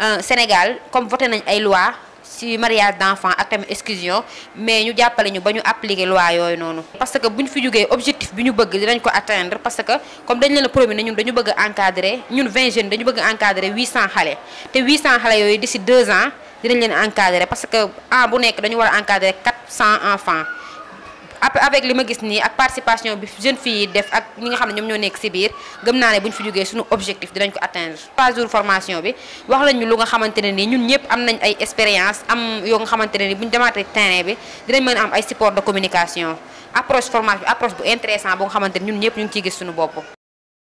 Euh, Sénégal comme voté nañ ay loi ci mariage d'enfant ak tamit exclusion mais ñu jàppale ñu ba ñu appliquer loi yooyu noonu. parce que bu ñu fi jógee objectif bi ñu bëgg dinañ ko atteindre parce que comme dañ leen a promis ñun dañu bëgg a encadrer ñun 20 jeunes dañu bëgg a encadrer 800 xale te 800 xale yooyu d'ici 2 ans dinañ leen encadrer parce que an ah, bu nekk dañu war a encadrer 400 enfants. avec li ma gis nii ak participation bi jeune fille yi def ak ñi nga xam ne ñoom ñoo nekk si biir gëm naa ne bu ñu fi jógee suñu objectif dinañ ko atteindre trois jours formation bi wax nañu lu nga xamante ne nii ñun ñëpp am nañ ay expérience am yoo nga xamante ne nii bu ñu demaatee terrain bi dinañ mën a am ay support de communication approche formation bi approche bu intéressant bu nga xamante ne ñun ñëpp ñu ngi ciy gis suñu bopp